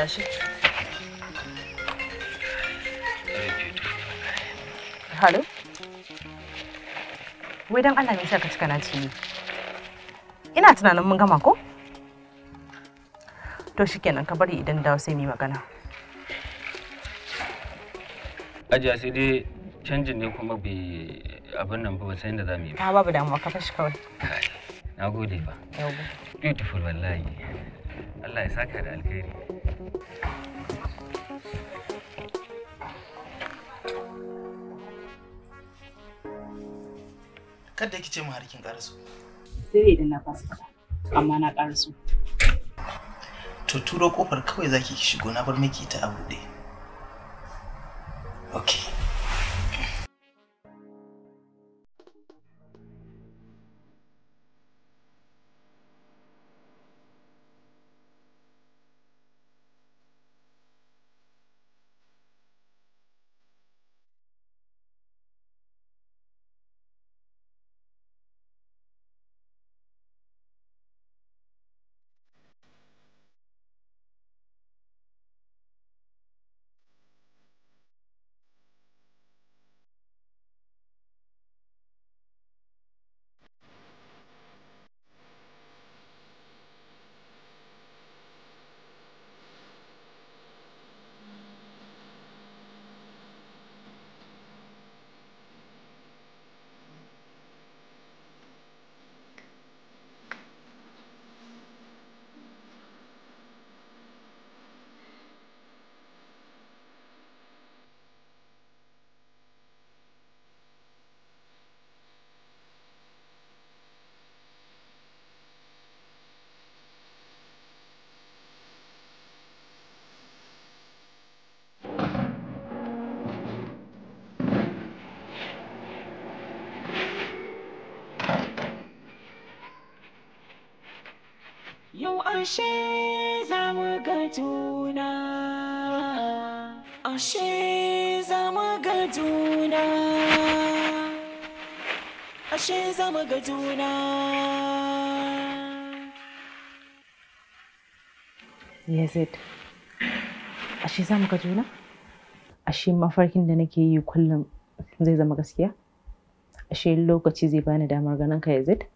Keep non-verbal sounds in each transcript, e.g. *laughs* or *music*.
tashi Halo? Wai don Allah me yasa cika na ci Ina tunanin mun gama ko? To shikenan ka bari idan dawo sai mu magana. Ajiya sai dai canjin ne kuma bi abin nan ba sai da za mu yi. Ah babu damuwa ka fashi kawai. Na gode fa. Beautiful wallahi. Allah ya saka da alkhairi. Kada ki ce mu har kin karasu. Sai idan na fasa amma na karasu. To turo kofar kawai zaki ki shigo na bar miki ta a buɗe. Okay. ashe za mu ga juna ashe za mu ga juna ashe za mu ga juna Yazid, ashe za mu ga juna? Ashe mafarkin da nake yi kullum zai zama gaskiya? Ashe lokaci zai bani damar ganin ka Yazid?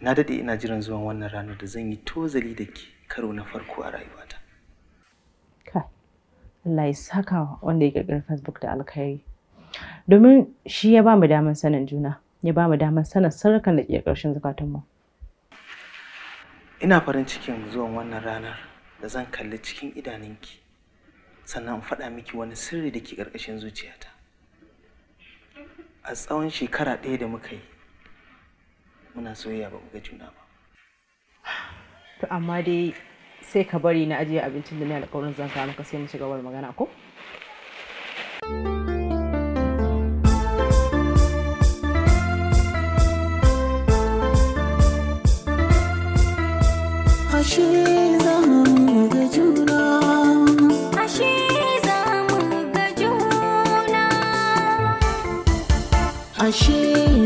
na daɗe ina jiran zuwan wannan ranar da zan yi tozali da ke karo na farko a rayuwata Allah ya saka wanda ya kirkiri Facebook da alkhairi domin shi ya ba mu damar sanin juna ya ba mu damar sanin sarkan da ke ƙarshen zukatunmu ina farin cikin zuwan wannan ranar da zan kalli cikin idanunki sannan in faɗa miki wani sirri da ke ƙarƙashin zuciyata a tsawon shekara ɗaya da muka yi muna soyayya ba ku ga juna ba to amma dai sai ka bari na ajiye abincin da ni alƙawarin zan kawo maka sai mu shiga gabar magana ko Ashe za mu ga juna Ashe za mu ga juna Ashe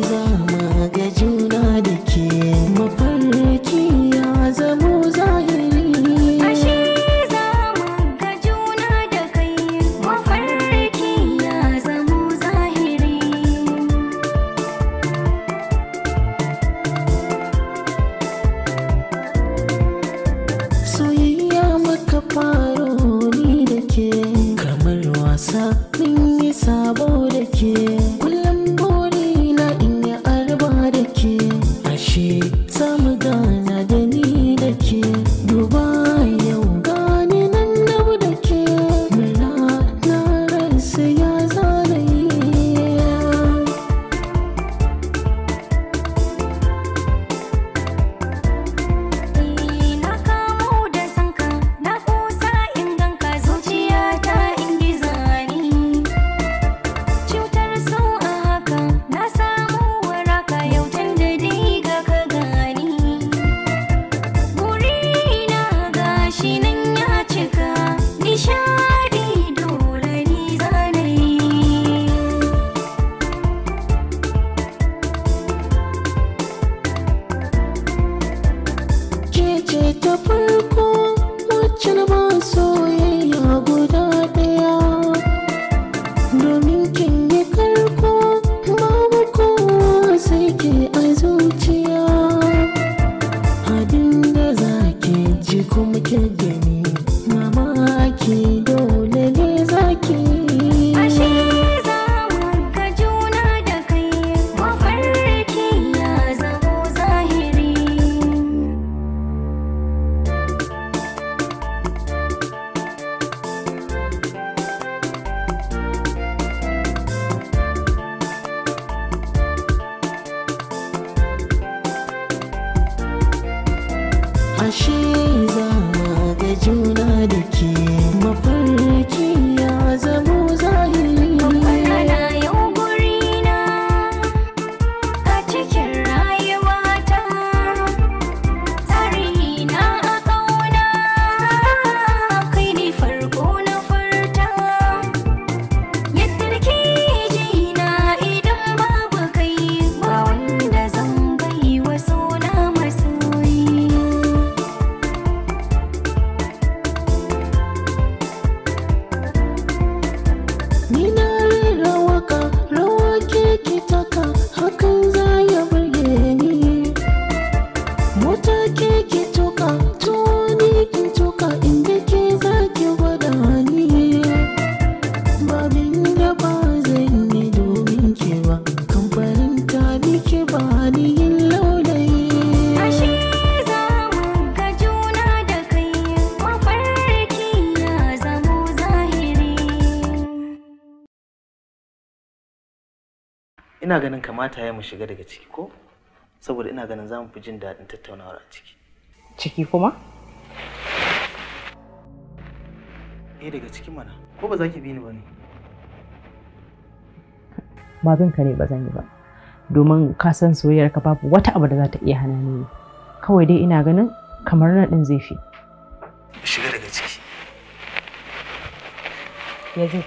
ina ganin kamata ya mu shiga daga ciki ko saboda ina ganin za mu fi jin daɗin tattaunawar a ciki ciki kuma eh daga ciki mana ko ba za ki bi ni ba ne ba bin ka ne ba zan yi ba domin ka san soyayyar ka babu wata abu da za ta iya hana ni kawai dai ina ganin kamar na ɗin zai fi shiga daga ciki yazid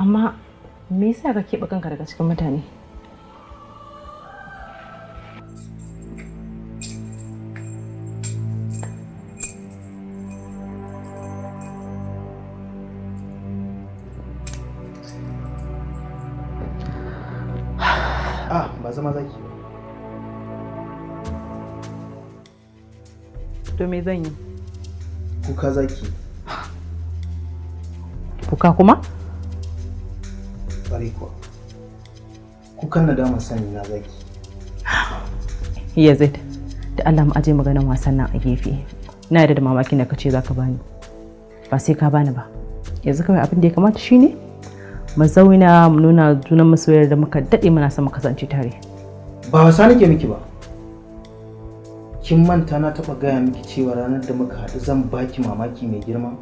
amma me yasa ka keɓe kanka daga cikin mutane ah ba zama zaki to me zan yi kuka zaki kuka kuma kukan nadama sani na zaki yazid da Allah mu aje maganan wasan nan a gefe na yarda da mamakin da kace zaka bani ba sai ka bani ba yanzu kawai abin da ya kamata shine mu zauna mu nuna junan masoyar da muka dade muna son mu kasance tare ba wasa nake miki ba kin manta na taba gaya miki cewa ranar da muka haɗu zan baki mamaki mai girma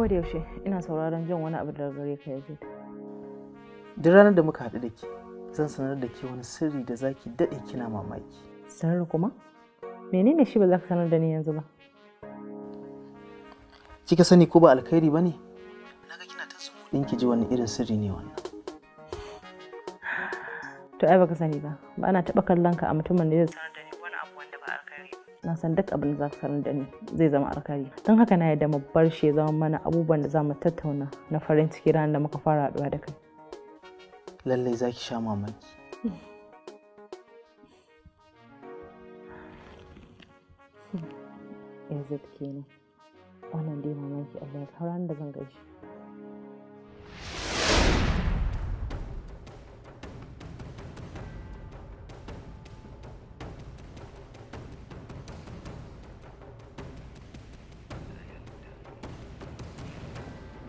a da yaushe ina sauraron jin wani abu daga gare ka yazid duk ranar da muka haɗu da ke zan sanar da ke wani sirri da zaki daɗe kina mamaki sanar kuma menene shi ba za ka sanar da ni yanzu ba kika sani ko ba alkhairi ba ne naga kina ta sumu din ki ji wani irin sirri ne wannan to ai baka sani ba ba ana taɓa kallon ka a mutumin da zai sanar da na san duk abin da za ka da ni zai zama alkali don haka na yadda mu bar shi ya zama mana abubuwan da za mu tattauna na farin ciki ranar da muka fara haduwa da kai lallai za ki sha mamaki yanzu ne wannan dai mamaki Allah ya kawo da zan gaishe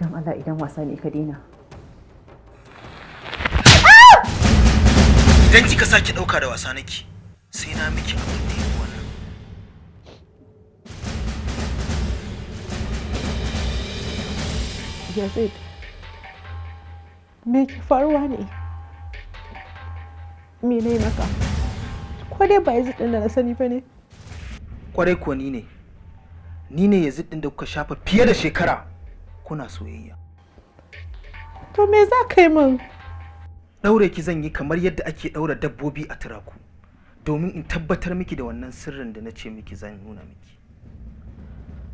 don Allah idan wasa ne ka daina idan kika sake ɗauka da wasa nake sai na miki abin da ya wannan yazid me ke faruwa ne me ne maka ko dai ba yazid ɗin da na sani ba ne kwarai kuwa ni ne ni ne yazid din da kuka shafa fiye da shekara kuna soyayya to me za ka yi min daure ki zan yi kamar yadda ake ɗaura dabbobi a turaku domin in tabbatar miki da wannan sirrin da na ce miki zan nuna miki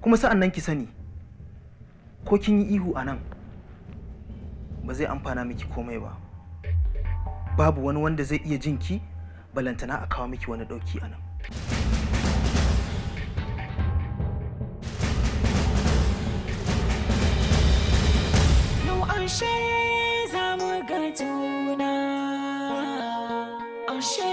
kuma sa'an nan ki sani ko kin yi ihu a nan ba zai amfana miki komai ba babu wani wanda zai iya jinki balantana a kawo miki wani ɗauki a nan ashe za mu ga juna ashe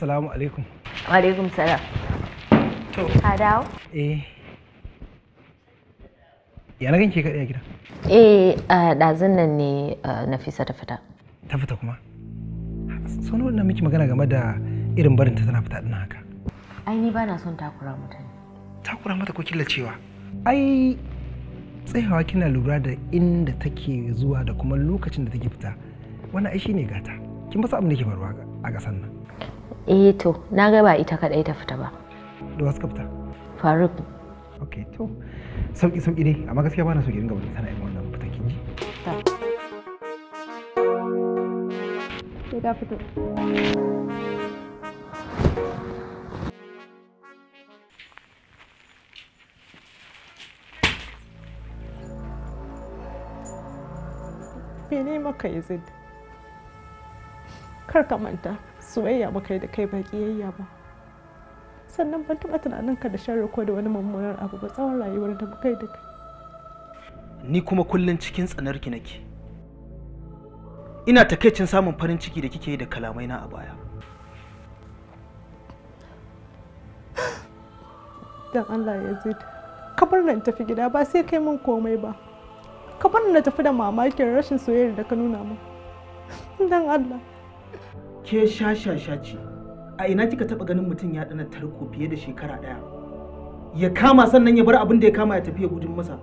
Assalamu alaikum. Wa alaikum salam. To. Ka dawo? Eh. Ya na ganke kaɗai a gida? Eh, ɗazun nan ne Nafisa ta fita. Ta fita kuma? Sau nawa na miki magana game da irin barin ta tana fita ɗin haka? Ai ni ba na son takura mutane. Takura mata ko killacewa? Ai tsayawa kina lura da inda take zuwa da kuma lokacin da take fita. Wannan ai shine gata. Kin ba sa abin da ke faruwa a ƙasar nan. eh to na ga ba ita kadai ta fita ba da wasu kafta faruk ok to sauki sauki dai amma gaskiya ba na so ki dinga tana yin wannan fita kin ji sai ka fito mene maka izid kar ka manta soyayya ba kai da kai ba kiyayya ba sannan ban taba tunanin ka da sharri ko da wani mummunar abu ba tsawon rayuwar da kai da kai ni kuma kullum cikin tsanar ki nake ina takeicin samun farin ciki da kike yi da kalamai na a baya dan Allah ya ta ka bar nan tafi gida ba sai kai min komai ba ka bar na tafi da mamakin rashin soyayya da ka nuna min dan Allah ke shashasha ce a ina kika taba ganin mutum ya dana tarko fiye da shekara daya ya kama sannan ya bar abin da ya kama ya tafi ya gudun masa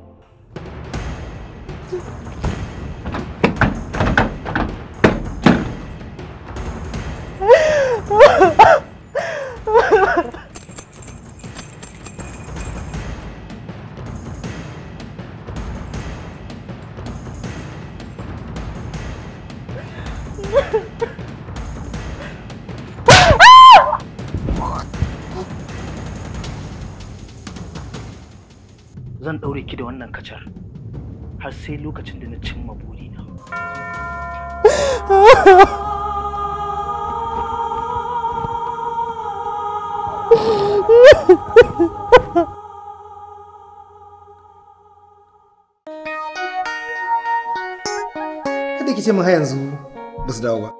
Ha *laughs* ɗaure ki da wannan kacar har sai lokacin da na cimma burina. Kada ki ce min yanzu ba su dawo ba.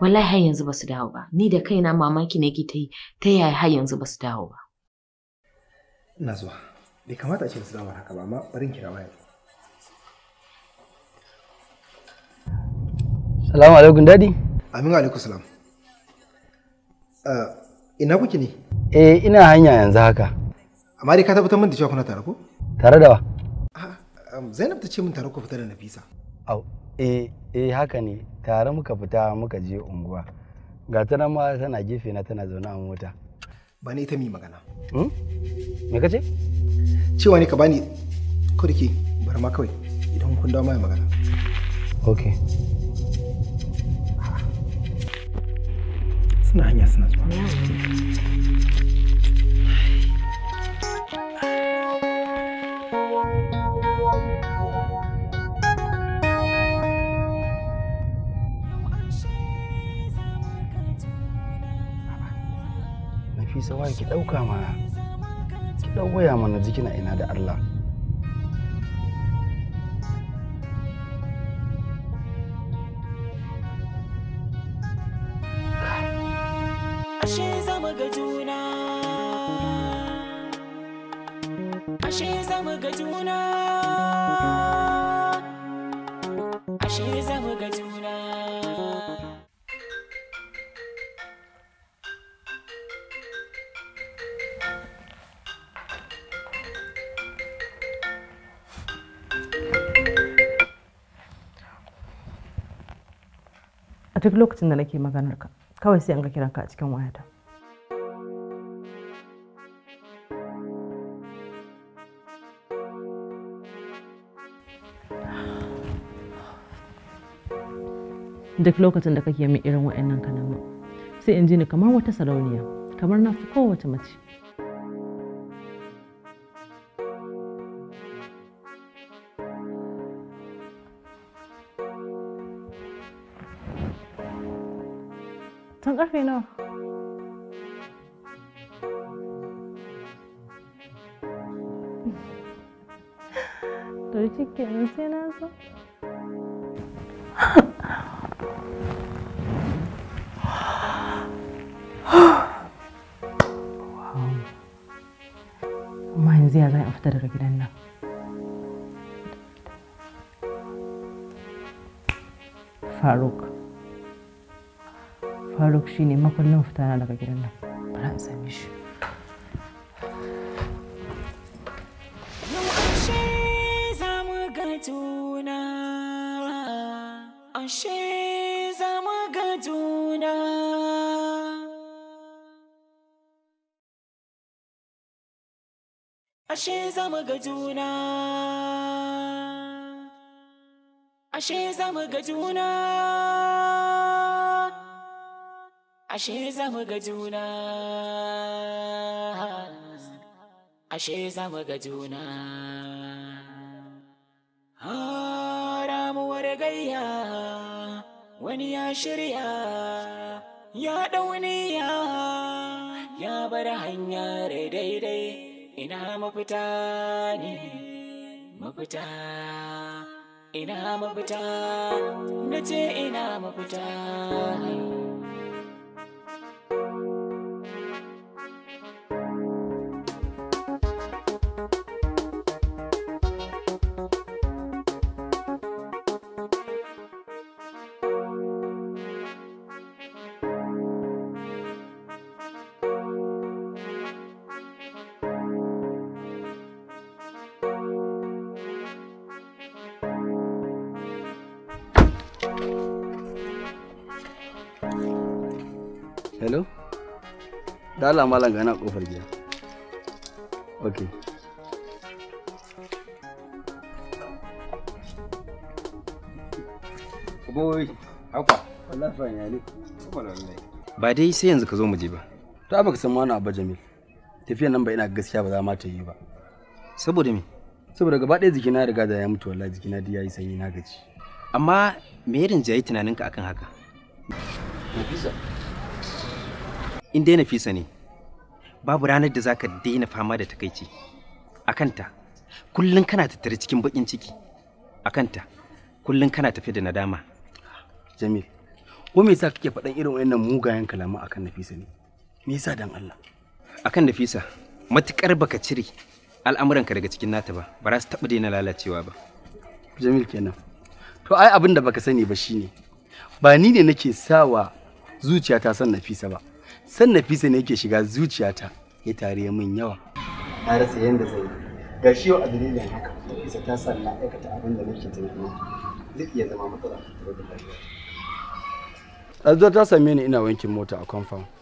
Wallahi har yanzu ba su dawo ba. Ni da kaina mamaki ne ki ta yi ta yaya har yanzu ba su dawo ba. ina zuwa bai kamata a ce su damar haka ba amma barin kira waya salamu alaikum dadi aminu alaikum salam ah, ina kuke ne eh ina hanya yanzu haka amma dai ka tabbatar mun da cewa kuna tare ko tare da wa ah, um, zainab ta ce min tare ku fita da nafisa au eh eh haka ne tare muka fita muka je unguwa ga ta nan ma tana gefe na tana zaune a mota ba ni ita mi magana hmm? me kace cewa ne ka bani ko da bar ma kawai idan kun dawo mai magana okay suna hanya suna zuwa annabi sawari ki ɗauka mana ki ɗauwaya mana jikina ina da Allah ashe zama ga juna ashe zama ga juna duk lokacin da nake maganar ka kawai sai an ga kiran ka a cikin wayata duk lokacin da kake min irin wa'annan kalaman sai in ji ni kamar wata sarauniya kamar na fi kowace mace yanzu ya za a fita daga gidan nan faruk faruk shine makullin fitana daga gidan nan shi ashe zama ga juna ashe zama ga juna ashe zama ga juna ashe zama ga juna ramuwar gayya wani ya shirya ya dauniya ya bar hanyar daidai ina mafita ne mafita ina mafita na ce ina mafita ne da Allah malam na kofar gida okay boy haka wallahi fa ya ne ba dai sai yanzu ka zo mu je ba to baka san wani abba jamil tafiyan nan ba ina gaskiya ba za ma ta yi ba saboda me saboda gaba ɗaya jikina ya riga da ya mutu wallahi jikina dai yayi sanyi na gaji amma me irin jayi tunaninka akan haka Nafisa, in dai nafisa ne babu ranar da za ka daina fama da takaici a kanta kullum kana tattare cikin bakin ciki a kanta kullum kana tafi da nadama jamil ko me yasa kake faɗan irin wannan mugayen kalamu akan nafisa ne me yasa dan Allah akan nafisa matukar baka cire al'amuranka daga cikin nata ba ba za su taɓa daina lalacewa ba jamil kenan to ai abin da baka sani ba shine ba ni ne nake sawa zuciyata son nafisa ba san nafisa ne yake shiga zuciyata ya tare min yawa na rasa yadda zai ga shi a dalilin haka Fisa ta sa na aikata abin da nake tunani zai iya zama matsala a da lafiya ta same ni ina wankin mota a compound